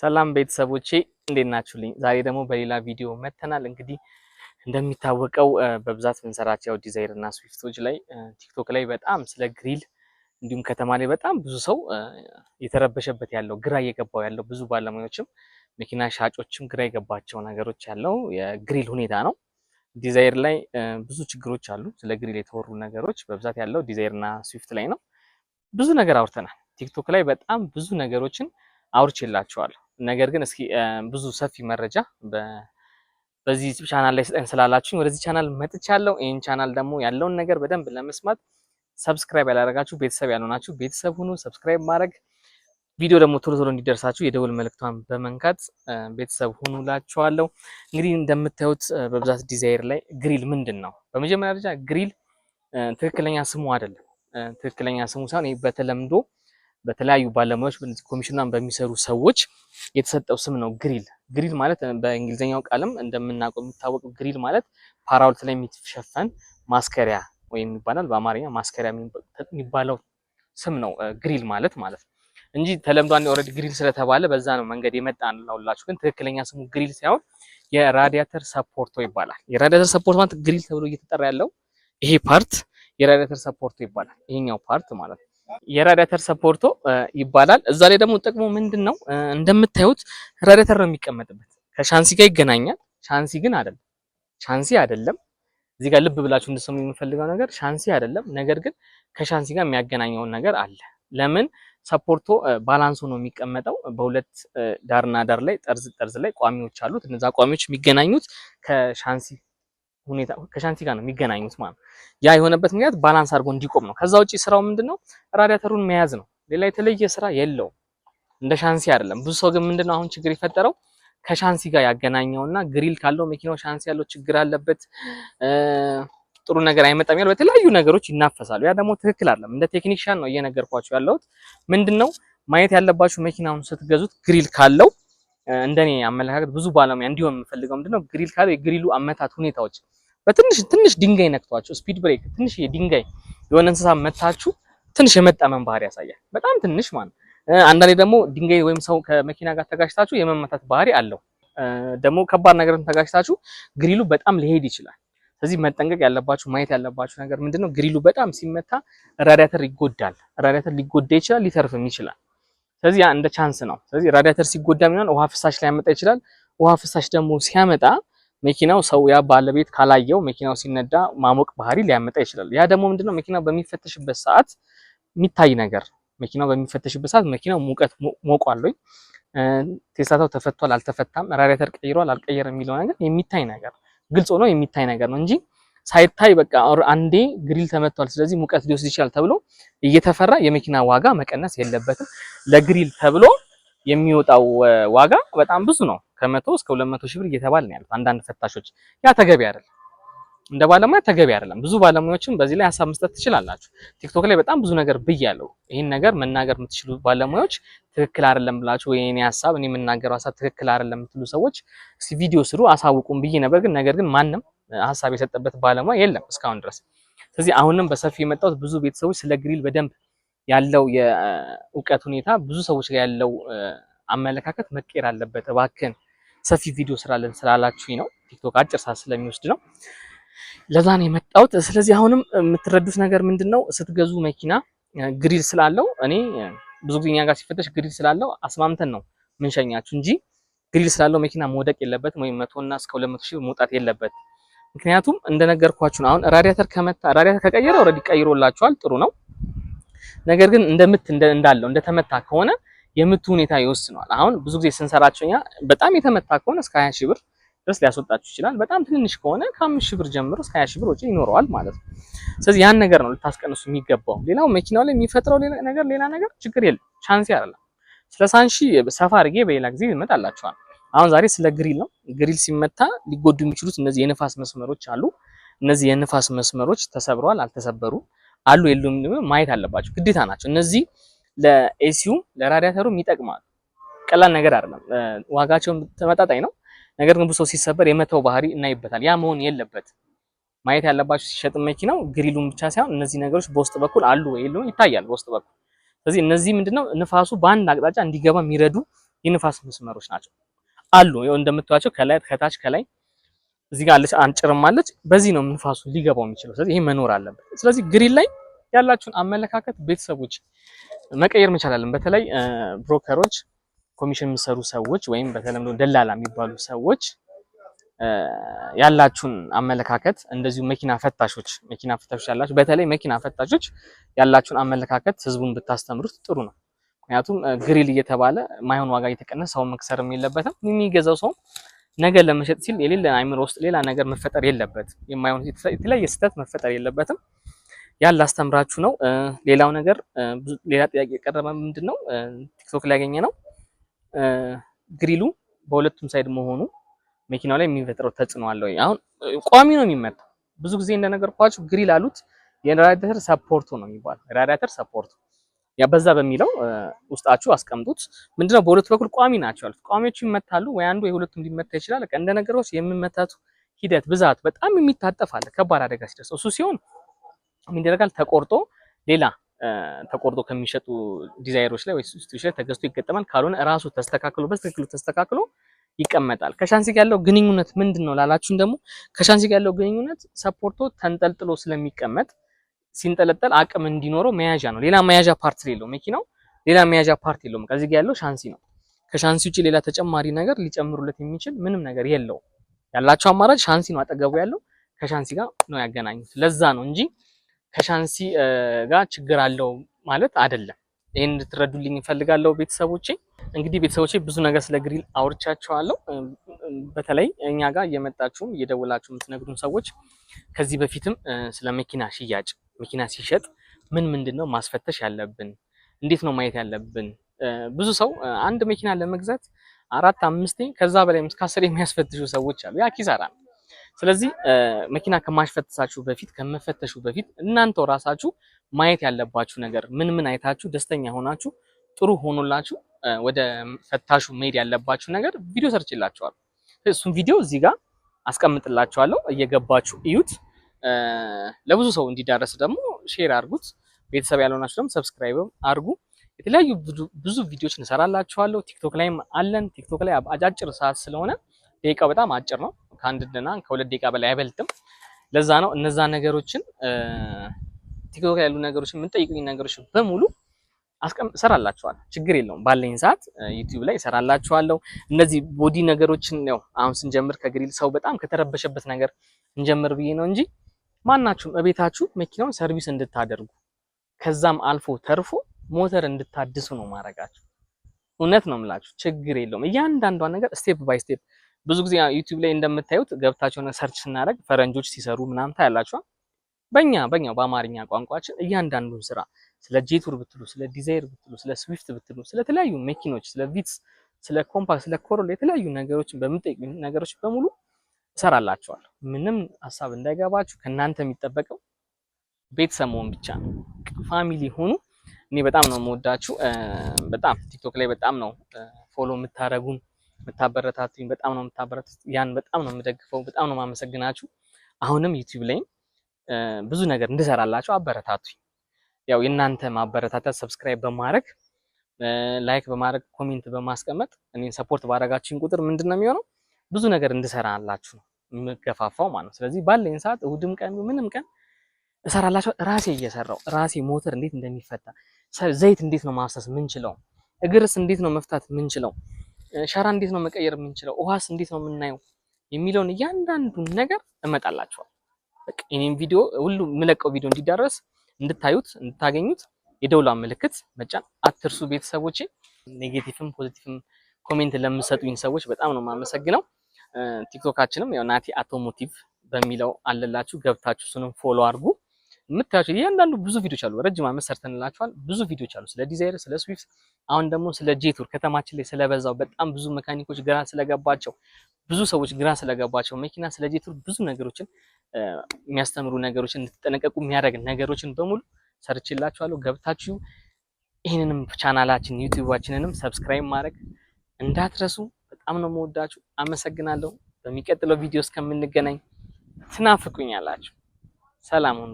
ሰላም ቤተሰቦቼ እንዴት ናችሁልኝ? ዛሬ ደግሞ በሌላ ቪዲዮ መተናል። እንግዲህ እንደሚታወቀው በብዛት ምንሰራቸው ዲዛይር እና ስዊፍቶች ላይ ቲክቶክ ላይ በጣም ስለ ግሪል እንዲሁም ከተማ ላይ በጣም ብዙ ሰው የተረበሸበት ያለው ግራ እየገባው ያለው ብዙ ባለሙያዎችም መኪና ሻጮችም ግራ የገባቸው ነገሮች ያለው የግሪል ሁኔታ ነው። ዲዛይር ላይ ብዙ ችግሮች አሉ። ስለ ግሪል የተወሩ ነገሮች በብዛት ያለው ዲዛይር እና ስዊፍት ላይ ነው። ብዙ ነገር አውርተናል። ቲክቶክ ላይ በጣም ብዙ ነገሮችን አውርቼላችኋለሁ። ነገር ግን እስኪ ብዙ ሰፊ መረጃ በዚህ ቻናል ላይ ስጠን ስላላችሁኝ ወደዚህ ቻናል መጥቻለሁ። ይህን ቻናል ደግሞ ያለውን ነገር በደንብ ለመስማት ሰብስክራይብ ያላደረጋችሁ ቤተሰብ ያልሆናችሁ ቤተሰብ ሁኑ። ሰብስክራይብ ማድረግ ቪዲዮ ደግሞ ቶሎ ቶሎ እንዲደርሳችሁ የደውል መልእክቷን በመንካት ቤተሰብ ሁኑ ላችኋለሁ። እንግዲህ እንደምታዩት በብዛት ዲዛይር ላይ ግሪል ምንድን ነው? በመጀመሪያ ደረጃ ግሪል ትክክለኛ ስሙ አይደለም። ትክክለኛ ስሙ ሳይሆን በተለምዶ በተለያዩ ባለሙያዎች ኮሚሽናን በሚሰሩ ሰዎች የተሰጠው ስም ነው ግሪል። ግሪል ማለት በእንግሊዝኛው ቃልም እንደምናውቀው የሚታወቀው ግሪል ማለት ፓራውልት ላይ የሚሸፈን ማስከሪያ ወይም ይባላል በአማርኛ ማስከሪያ የሚባለው ስም ነው ግሪል ማለት ማለት እንጂ ተለምዶ አንድ ኦልሬዲ ግሪል ስለተባለ በዛ ነው መንገድ የመጣ ነውላችሁ። ግን ትክክለኛ ስሙ ግሪል ሳይሆን የራዲያተር ሰፖርቶ ይባላል። የራዲያተር ሰፖርት ማለት ግሪል ተብሎ እየተጠራ ያለው ይሄ ፓርት የራዲያተር ሰፖርቶ ይባላል። ይሄኛው ፓርት ማለት ነው። የራዲያተር ሰፖርቶ ይባላል። እዛ ላይ ደግሞ ጥቅሙ ምንድን ነው? እንደምታዩት ራዲያተር ነው የሚቀመጥበት። ከሻንሲ ጋር ይገናኛል። ሻንሲ ግን አይደለም፣ ሻንሲ አይደለም። እዚህ ጋር ልብ ብላችሁ እንድትሰሙ የምፈልገው ነገር ሻንሲ አይደለም። ነገር ግን ከሻንሲ ጋር የሚያገናኘውን ነገር አለ። ለምን ሰፖርቶ ባላንሱ ነው የሚቀመጠው። በሁለት ዳርና ዳር ላይ ጠርዝ ጠርዝ ላይ ቋሚዎች አሉት። እነዛ ቋሚዎች የሚገናኙት ከሻንሲ ሁኔታ ከሻንቲ ጋር ነው የሚገናኙት ማለት ነው። ያ የሆነበት ምክንያት ባላንስ አድርጎ እንዲቆም ነው። ከዛ ውጪ ስራው ምንድነው? ራዲያተሩን መያዝ ነው። ሌላ የተለየ ስራ የለውም። እንደ ሻንሲ አይደለም። ብዙ ሰው ግን ምንድነው አሁን ችግር የፈጠረው ከሻንሲ ጋር ያገናኘውና ግሪል ካለው መኪናው ሻንሲ ያለው ችግር አለበት፣ ጥሩ ነገር አይመጣም ያለው በተለያዩ ነገሮች ይናፈሳሉ። ያ ደግሞ ትክክል አይደለም። እንደ ቴክኒሽያን ነው እየነገርኳቸው ያለሁት። ምንድነው ማየት ያለባችሁ መኪናውን ስትገዙት ግሪል ካለው እንደኔ አመለካከት ብዙ ባለሙያ እንዲሆን የምፈልገው ምንድነው ግሪል ካለው የግሪሉ አመታት ሁኔታዎች በትንሽ ትንሽ ድንጋይ ነክቷቸው ስፒድ ብሬክ ትንሽ የድንጋይ የሆነ እንስሳ መታችሁ ትንሽ የመጣመን ባህሪ ያሳያል። በጣም ትንሽ ማለት አንዳንዴ ደግሞ ድንጋይ ወይም ሰው ከመኪና ጋር ተጋጭታችሁ የመመታት ባህሪ አለው። ደግሞ ከባድ ነገርን ተጋጭታችሁ ግሪሉ በጣም ሊሄድ ይችላል። ስለዚህ መጠንቀቅ ያለባችሁ ማየት ያለባችሁ ነገር ምንድነው ግሪሉ በጣም ሲመታ ራዲያተር ይጎዳል። ራዲያተር ሊጎዳ ይችላል፣ ሊተርፍም ይችላል። ስለዚህ ያ እንደ ቻንስ ነው። ስለዚህ ራዲያተር ሲጎዳ ምናምን ውሃ ፍሳሽ ሊያመጣ ይችላል። ውሃ ፍሳሽ ደግሞ ሲያመጣ መኪናው ሰው ያ ባለቤት ካላየው መኪናው ሲነዳ ማሞቅ ባህሪ ሊያመጣ ይችላል። ያ ደግሞ ምንድነው መኪናው በሚፈተሽበት ሰዓት የሚታይ ነገር መኪናው በሚፈተሽበት ሰዓት መኪናው ሙቀት ሞቋል ወይ ተፈቷል አልተፈታም፣ ራዲያተር ቀይሯል አልቀየረም የሚለው ነገር የሚታይ ነገር ግልጽ ሆኖ የሚታይ ነገር ነው እንጂ ሳይታይ በቃ አንዴ ግሪል ተመቷል፣ ስለዚህ ሙቀት ሊወስድ ይችላል ተብሎ እየተፈራ የመኪና ዋጋ መቀነስ የለበትም። ለግሪል ተብሎ የሚወጣው ዋጋ በጣም ብዙ ነው። ከመቶ እስከ 200 ሺህ ብር እየተባለ ነው ያሉት አንዳንድ ፈታሾች። ያ ተገቢ አይደለም፣ እንደ ባለሙያ ተገቢ አይደለም። ብዙ ባለሙያዎችም በዚህ ላይ ሀሳብ መስጠት ትችላላችሁ። ቲክቶክ ላይ በጣም ብዙ ነገር ብያለሁ። ይህን ነገር መናገር የምትችሉ ባለሙያዎች ትክክል አይደለም ብላችሁ ወይ እኔ ሀሳብ እኔ የምናገረው ሀሳብ ትክክል አይደለም የምትሉ ሰዎች እስቲ ቪዲዮ ስሩ አሳውቁም ብዬ ነበር። ግን ነገር ግን ማንም ሀሳብ የሰጠበት ባለሙያ የለም እስካሁን ድረስ። ስለዚህ አሁንም በሰፊ የመጣሁት ብዙ ቤተሰቦች ስለ ግሪል በደንብ ያለው የእውቀት ሁኔታ ብዙ ሰዎች ጋር ያለው አመለካከት መቀየር አለበት። እባክን ሰፊ ቪዲዮ ስራለን ስላላችሁኝ ነው። ቲክቶክ አጭር ሰዓት ስለሚወስድ ነው ለዛ ነው የመጣሁት። ስለዚህ አሁንም የምትረዱት ነገር ምንድን ነው፣ ስትገዙ መኪና ግሪል ስላለው እኔ ብዙ ጊዜ እኛ ጋር ሲፈተሽ ግሪል ስላለው አስማምተን ነው ምንሸኛችሁ እንጂ ግሪል ስላለው መኪና መውደቅ የለበትም ወይም መቶና እስከ ሁለት መቶ ሺህ መውጣት የለበትም። ምክንያቱም እንደነገርኳችሁ አሁን ራዲያተር ከመታ ራዲያተር ከቀየረ ኦልሬዲ ቀይሮላችኋል፣ ጥሩ ነው። ነገር ግን እንደምት እንዳለው እንደተመታ ከሆነ የምቱ ሁኔታ ይወስነዋል። አሁን ብዙ ጊዜ ስንሰራቸው እኛ በጣም የተመታ ከሆነ እስከ 20 ሺህ ብር ድረስ ሊያስወጣችሁ ይችላል። በጣም ትንንሽ ከሆነ ከአምስት ሺህ ብር ጀምሮ እስከ 20 ሺህ ብር ወጪ ይኖረዋል ማለት ነው። ስለዚህ ያን ነገር ነው ልታስቀንሱ የሚገባው። ሌላው መኪናው ላይ የሚፈጥረው ነገር ሌላ ነገር ችግር የለም ቻንስ ያላል። ስለ ሳንሺ ሰፋ አድርጌ በሌላ ጊዜ ይመጣላችኋል። አሁን ዛሬ ስለ ግሪል ነው። ግሪል ሲመታ ሊጎዱ የሚችሉት እነዚህ የንፋስ መስመሮች አሉ። እነዚህ የንፋስ መስመሮች ተሰብረዋል፣ አልተሰበሩም፣ አሉ የሉም ማየት አለባቸው፣ ግዴታ ናቸው። እነዚህ ለኤሲዩም ለራዲያተሩም ይጠቅማሉ። ቀላል ነገር አይደለም። ዋጋቸውም ተመጣጣኝ ነው። ነገር ግን ብዙ ሰው ሲሰበር የመተው ባህሪ እናይበታል። ያ መሆን የለበት። ማየት ያለባቸው ሲሸጥ መኪናው ግሪሉን ብቻ ሳይሆን እነዚህ ነገሮች በውስጥ በኩል አሉ የሉም ይታያል በውስጥ በኩል ስለዚህ እነዚህ ምንድነው ንፋሱ በአንድ አቅጣጫ እንዲገባ የሚረዱ የንፋስ መስመሮች ናቸው። አሉ። ይኸው እንደምታዩቸው ከላይ ከታች ከላይ እዚህ ጋር አለች፣ አንጭርም አለች። በዚህ ነው ንፋሱ ሊገባው የሚችለው። ስለዚህ ይሄ መኖር አለበት። ስለዚህ ግሪን ላይ ያላችሁን አመለካከት ቤተሰቦች መቀየር እንችላለን። በተለይ ብሮከሮች፣ ኮሚሽን የሚሰሩ ሰዎች ወይም በተለምዶ ደላላ የሚባሉ ሰዎች ያላችሁን አመለካከት እንደዚሁ መኪና ፈታሾች መኪና ፈታሾች ያላችሁ በተለይ መኪና ፈታሾች ያላችሁን አመለካከት ህዝቡን ብታስተምሩት ጥሩ ነው። ምክንያቱም ግሪል እየተባለ ማይሆን ዋጋ እየተቀነሰ ሰው መክሰርም የለበትም። የሚገዛው ሰው ነገ ለመሸጥ ሲል የሌለ አይምሮ ውስጥ ሌላ ነገር መፈጠር የለበትም። የማይሆን የተለያየ ስህተት መፈጠር የለበትም። ያለ አስተምራችሁ ነው። ሌላው ነገር ሌላ ጥያቄ የቀረበ ምንድን ነው ቲክቶክ ላይ ያገኘ ነው ግሪሉ በሁለቱም ሳይድ መሆኑ መኪናው ላይ የሚፈጥረው ተጽዕኖ አለ ወይ? አሁን ቋሚ ነው የሚመጣው። ብዙ ጊዜ እንደነገርኳችሁ ግሪል አሉት የራዳተር ሰፖርቱ ነው የሚባለው። ራዳተር ሰፖርቱ በዛ በሚለው ውስጣችሁ አስቀምጡት። ምንድነው በሁለት በኩል ቋሚ ናቸው ያሉት። ቋሚዎቹ ይመታሉ ወይ አንዱ የሁለቱም ሊመታ ይችላል። እንደ ነገሮች የሚመታቱ ሂደት ብዛት በጣም የሚታጠፍ አለ። ከባድ አደጋ ሲደርስ እሱ ሲሆን ምን ይደረጋል? ተቆርጦ ሌላ ተቆርጦ ከሚሸጡ ዲዛይሮች ላይ ወይ ሱስቶች ላይ ተገዝቶ ይገጠማል። ካልሆነ እራሱ ተስተካክሎ በትክክሉ ተስተካክሎ ይቀመጣል። ከሻንሲ ጋር ያለው ግንኙነት ምንድን ነው ላላችሁን ደግሞ ከሻንሲ ጋር ያለው ግንኙነት ሰፖርቶ ተንጠልጥሎ ስለሚቀመጥ ሲንጠለጠል አቅም እንዲኖረው መያዣ ነው። ሌላ መያዣ ፓርት የለው መኪናው፣ ሌላ መያዣ ፓርት የለውም። ከዚህ ጋር ያለው ሻንሲ ነው። ከሻንሲ ውጪ ሌላ ተጨማሪ ነገር ሊጨምሩለት የሚችል ምንም ነገር የለው። ያላቸው አማራጭ ሻንሲ ነው አጠገቡ ያለው። ከሻንሲ ጋር ነው ያገናኙት። ለዛ ነው እንጂ ከሻንሲ ጋር ችግር አለው ማለት አይደለም። ይህን እንድትረዱልኝ እፈልጋለሁ ቤተሰቦቼ። እንግዲህ ቤተሰቦቼ ብዙ ነገር ስለ ግሪል አውርቻቸዋለሁ። በተለይ እኛ ጋር እየመጣችሁም እየደወላችሁ የምትነግዱን ሰዎች ከዚህ በፊትም ስለ መኪና ሽያጭ መኪና ሲሸጥ ምን ምንድን ነው ማስፈተሽ ያለብን? እንዴት ነው ማየት ያለብን? ብዙ ሰው አንድ መኪና ለመግዛት አራት አምስቴ ከዛ በላይ እስከ አስር የሚያስፈትሹ ሰዎች አሉ። ያ ኪሳራ ነው። ስለዚህ መኪና ከማሽፈትሳችሁ በፊት ከመፈተሹ በፊት እናንተው ራሳችሁ ማየት ያለባችሁ ነገር ምን ምን አይታችሁ ደስተኛ ሆናችሁ ጥሩ ሆኖላችሁ ወደ ፈታሹ መሄድ ያለባችሁ ነገር ቪዲዮ ሰርችላችኋል። እሱን ቪዲዮ እዚህ ጋር አስቀምጥላችኋለሁ እየገባችሁ እዩት። ለብዙ ሰው እንዲዳረስ ደግሞ ሼር አድርጉት። ቤተሰብ ያልሆናችሁ ደግሞ ሰብስክራይብ አድርጉ። የተለያዩ ብዙ ቪዲዮዎች እንሰራላችኋለሁ። ቲክቶክ ላይም አለን። ቲክቶክ ላይ አጫጭር ሰዓት ስለሆነ ደቂቃው በጣም አጭር ነው። ከአንድና ከሁለት ደቂቃ በላይ አይበልጥም። ለዛ ነው እነዛ ነገሮችን ቲክቶክ ላይ ያሉ ነገሮችን የምንጠይቁኝ ነገሮች በሙሉ እሰራላችኋለሁ። ችግር የለውም። ባለኝ ሰዓት ዩቲዩብ ላይ እሰራላችኋለሁ። እነዚህ ቦዲ ነገሮችን ነው አሁን ስንጀምር ከግሪል ሰው በጣም ከተረበሸበት ነገር እንጀምር ብዬ ነው እንጂ ማናችሁም እቤታችሁ መኪናውን ሰርቪስ እንድታደርጉ ከዛም አልፎ ተርፎ ሞተር እንድታድሱ ነው ማድረጋችሁ። እውነት ነው የምላችሁ፣ ችግር የለውም። እያንዳንዷን ነገር ስቴፕ ባይ ስቴፕ ብዙ ጊዜ ዩቲዩብ ላይ እንደምታዩት ገብታችሁ የሆነ ሰርች ስናደርግ ፈረንጆች ሲሰሩ ምናምን ታያላችኋል። በእኛ በኛው በአማርኛ ቋንቋችን እያንዳንዱን ስራ ስለ ጄቱር ብትሉ፣ ስለ ዲዛይር ብትሉ፣ ስለ ስዊፍት ብትሉ፣ ስለተለያዩ መኪኖች፣ ስለ ቪትስ፣ ስለ ኮምፓክት፣ ስለ ኮሮላ የተለያዩ ነገሮችን ነገሮች በሙሉ እሰራላችኋል። ምንም ሀሳብ እንዳይገባችሁ ከእናንተ የሚጠበቀው ቤተሰብ መሆን ብቻ ነው። ፋሚሊ ሆኑ። እኔ በጣም ነው የምወዳችሁ። በጣም ቲክቶክ ላይ በጣም ነው ፎሎ የምታደርጉን የምታበረታቱኝ፣ በጣም ነው የምታበረታቱት። ያን በጣም ነው የምደግፈው። በጣም ነው የማመሰግናችሁ። አሁንም ዩቲዩብ ላይም ብዙ ነገር እንድሰራላችሁ አበረታቱኝ። ያው የእናንተ ማበረታታት ሰብስክራይብ በማድረግ ላይክ በማድረግ ኮሜንት በማስቀመጥ እኔን ሰፖርት ባደረጋችሁኝ ቁጥር ምንድን ነው የሚሆነው ብዙ ነገር እንድሰራላችሁ ነው። የምገፋፋው ማለት ነው። ስለዚህ ባለኝ ሰዓት እሁድም ቀን ምንም ቀን እሰራላቸው ራሴ እየሰራው ራሴ ሞተር እንዴት እንደሚፈታ ዘይት እንዴት ነው ማፍሰስ ምንችለው፣ እግርስ እንዴት ነው መፍታት ምንችለው፣ ሸራ እንዴት ነው መቀየር የምንችለው ውሃስ እንዴት ነው የምናየው የሚለውን እያንዳንዱን ነገር እመጣላቸዋል። በቃ እኔም ቪዲዮ ሁሉ የምለቀው ቪዲዮ እንዲዳረስ እንድታዩት እንድታገኙት የደውላ ምልክት መጫን አትርሱ። ቤተሰቦቼ ኔጌቲቭም ፖዚቲቭም ኮሜንት ለምሰጡኝ ሰዎች በጣም ነው የማመሰግነው። ቲክቶካችንም ያው ናቲ አውቶሞቲቭ በሚለው አለላችሁ ገብታችሁ እሱንም ፎሎ አድርጉ። የምታያቸው እያንዳንዱ ብዙ ቪዲዮች አሉ። ረጅም አመት ሰርተንላችኋል። ብዙ ቪዲዮች አሉ ስለ ዲዛይር፣ ስለ ስዊፍት፣ አሁን ደግሞ ስለ ጄቱር ከተማችን ላይ ስለበዛው በጣም ብዙ መካኒኮች ግራ ስለገባቸው፣ ብዙ ሰዎች ግራ ስለገባቸው መኪና ስለ ጄቱር ብዙ ነገሮችን የሚያስተምሩ ነገሮችን እንድትጠነቀቁ የሚያደርግ ነገሮችን በሙሉ ሰርችላችኋለሁ። ገብታችሁ ይህንንም ቻናላችን ዩቲዩባችንንም ሰብስክራይብ ማድረግ እንዳትረሱ። በጣም ነው መወዳችሁ። አመሰግናለሁ። በሚቀጥለው ቪዲዮ እስከምንገናኝ ትናፍቁኛላችሁ። ሰላም ሁኑ።